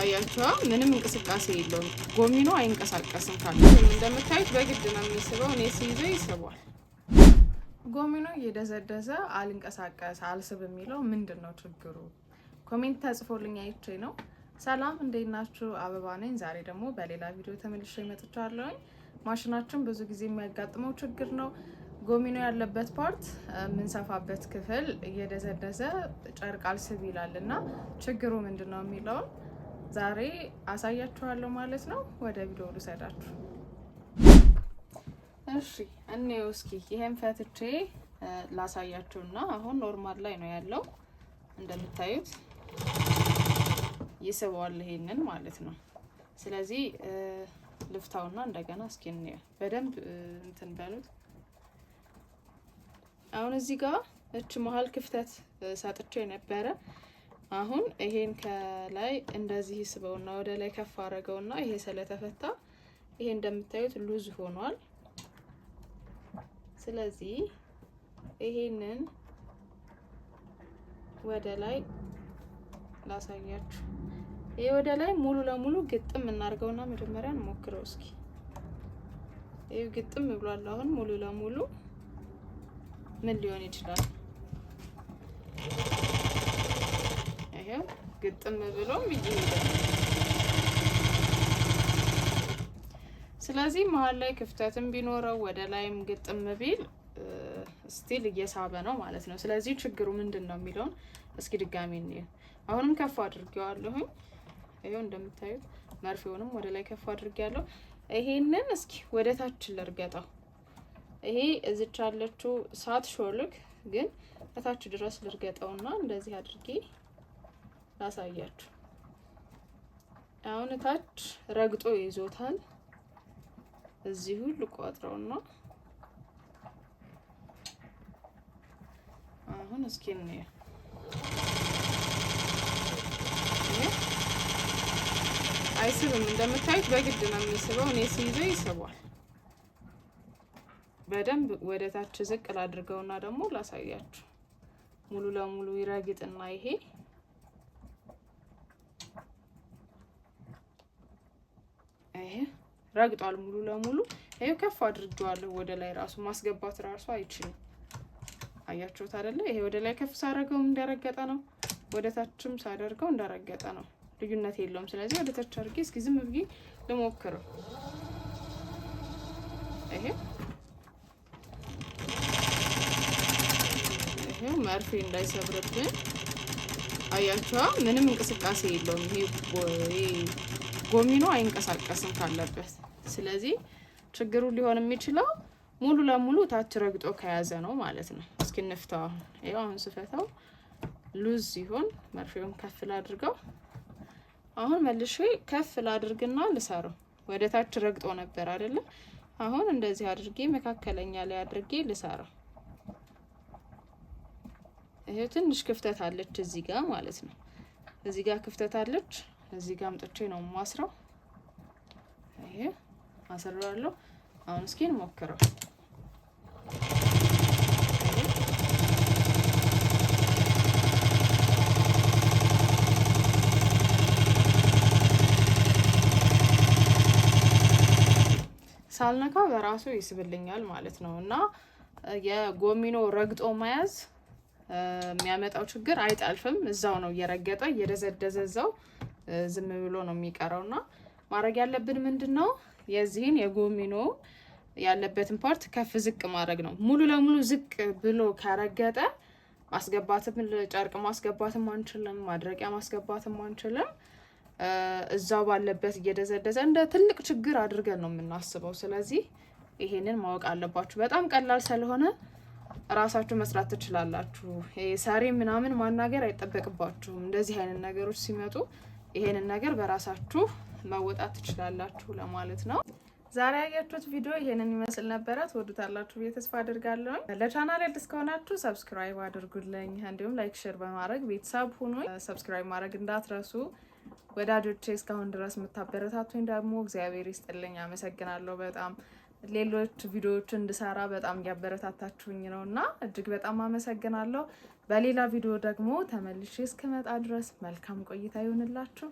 አያቸዋ ምንም እንቅስቃሴ የለውም። ጎሚኖ አይንቀሳቀስም። ካለ እንደምታዩት በግድ ነው የሚስበው። እኔ ሲይዘው ይስቧል። ጎሚኖ እየደዘደዘ አልንቀሳቀስ አልስብ የሚለው ምንድን ነው ችግሩ? ኮሜንት ተጽፎልኝ አይቼ ነው። ሰላም እንዴት ናችሁ? አበባ ነኝ። ዛሬ ደግሞ በሌላ ቪዲዮ ተመልሼ መጥቻለሁኝ። ማሽናችን ብዙ ጊዜ የሚያጋጥመው ችግር ነው። ጎሚኖ ያለበት ፓርት የምንሰፋበት ክፍል እየደዘደዘ ጨርቅ አልስብ ይላል እና ችግሩ ምንድን ነው የሚለውን ዛሬ አሳያችኋለሁ ማለት ነው። ወደ ቪዲዮ ልሰዳችሁ። እሺ እኔ እስኪ ይሄን ፈትቼ ላሳያችሁና አሁን ኖርማል ላይ ነው ያለው እንደምታዩት ይስበዋል ይሄንን ማለት ነው። ስለዚህ ልፍታውና እንደገና እስኪ እንየው በደንብ እንትን በሉት። አሁን እዚህ ጋር እች መሀል ክፍተት ሰጥቼ ነበረ አሁን ይሄን ከላይ እንደዚህ ስበውና ወደ ላይ ከፍ አድርገውና ይሄ ስለተፈታ ይሄ እንደምታዩት ሉዝ ሆኗል። ስለዚህ ይሄንን ወደ ላይ ላሳያችሁ። ይሄ ወደ ላይ ሙሉ ለሙሉ ግጥም እናድርገውና መጀመሪያ እንሞክረው እስኪ። ይሄ ግጥም ብሏል። አሁን ሙሉ ለሙሉ ምን ሊሆን ይችላል? ግጥም ብሎም እየሄደ ስለዚህ መሀል ላይ ክፍተትም ቢኖረው ወደ ላይም ግጥም ቢል ስቲል እየሳበ ነው ማለት ነው። ስለዚህ ችግሩ ምንድን ነው የሚለውን እስኪ ድጋሚ እንየ። አሁንም ከፍ አድርጌዋለሁኝ። ይኸው እንደምታዩት መርፌውንም ወደ ላይ ከፍ አድርጌያለሁ። ይሄንን እስኪ ወደ ታች ልርገጠው። ይሄ እዚች ያለችው ሳት ሾልክ ግን ከታች ድረስ ልርገጠውና እንደዚህ አድርጌ ላሳያችሁ። አሁን ታች ረግጦ ይዞታል። እዚሁ ልቋጥረውና አሁን እስኪ እንየው። አይስብም፣ እንደምታዩት በግድ ነው የሚስበው። እኔ ሲይዘ ይስቧል። በደንብ ወደ ታች ዝቅ ላድርገውና ደግሞ ላሳያችሁ ሙሉ ለሙሉ ይረግጥና ይሄ ይሄ ረግጧል ሙሉ ለሙሉ ይሄው ከፍ አድርጌዋለሁ ወደ ላይ ራሱ ማስገባት ራሱ አይችልም አያችሁት አይደለ ይሄ ወደ ላይ ከፍ ሳደርገው እንደረገጠ ነው ወደ ታችም ሳደርገው እንደረገጠ ነው ልዩነት የለውም ስለዚህ ወደ ታች አድርጌ እስኪ ዝም ብዬ ልሞክረው ይሄ ይሄው መርፌ እንዳይሰብርብን አያችኋ ምንም እንቅስቃሴ የለውም ይሄ ጎሚኖ አይንቀሳቀስም ካለበት። ስለዚህ ችግሩ ሊሆን የሚችለው ሙሉ ለሙሉ ታች ረግጦ ከያዘ ነው ማለት ነው። እስኪ አሁን ይኸው አሁን ስፈተው ሉዝ ሲሆን መርፌውን ከፍ ላድርገው። አሁን መልሼ ከፍ ላድርግና ልሰረው። ወደ ታች ረግጦ ነበር አይደለም? አሁን እንደዚህ አድርጌ መካከለኛ ላይ አድርጌ ልሰረው። ይሄ ትንሽ ክፍተት አለች እዚህ ጋር ማለት ነው። እዚህ ጋር ክፍተት አለች። እዚህ ጋር አምጥቼ ነው ማስረው። ይሄ አስራለሁ። አሁን እስኪ እንሞክረው። ሳልነካ በራሱ ይስብልኛል ማለት ነው። እና የጎሚኖ ረግጦ መያዝ የሚያመጣው ችግር አይጠልፍም። እዛው ነው እየረገጠ እየደዘደዘ እዛው ዝም ብሎ ነው የሚቀረው እና ማድረግ ያለብን ምንድን ነው የዚህን የጎሚኖ ያለበትን ፓርት ከፍ ዝቅ ማድረግ ነው። ሙሉ ለሙሉ ዝቅ ብሎ ከረገጠ ማስገባትም ጨርቅ ማስገባትም አንችልም፣ ማድረቂያ ማስገባትም አንችልም። እዛው ባለበት እየደዘደዘ እንደ ትልቅ ችግር አድርገን ነው የምናስበው። ስለዚህ ይሄንን ማወቅ አለባችሁ። በጣም ቀላል ስለሆነ እራሳችሁ መስራት ትችላላችሁ። ሰሪ ምናምን ማናገር አይጠበቅባችሁም። እንደዚህ አይነት ነገሮች ሲመጡ ይሄንን ነገር በራሳችሁ ማወጣት ትችላላችሁ ለማለት ነው። ዛሬ ያያችሁት ቪዲዮ ይሄንን ይመስል ነበረ። ትወዱታላችሁ ብዬ ተስፋ አድርጋለሁ። ለቻናል አዲስ ከሆናችሁ ሰብስክራይብ አድርጉልኝ፣ እንዲሁም ላይክ፣ ሼር በማድረግ ቤተሰብ ሁኑ። ሰብስክራይብ ማድረግ እንዳትረሱ ወዳጆቼ። እስካሁን ድረስ የምታበረታቱኝ ደግሞ እግዚአብሔር ይስጥልኝ፣ አመሰግናለሁ በጣም ሌሎች ቪዲዮዎች እንድሰራ በጣም እያበረታታችሁኝ ነው እና እጅግ በጣም አመሰግናለሁ። በሌላ ቪዲዮ ደግሞ ተመልሼ እስክመጣ ድረስ መልካም ቆይታ ይሆንላችሁ።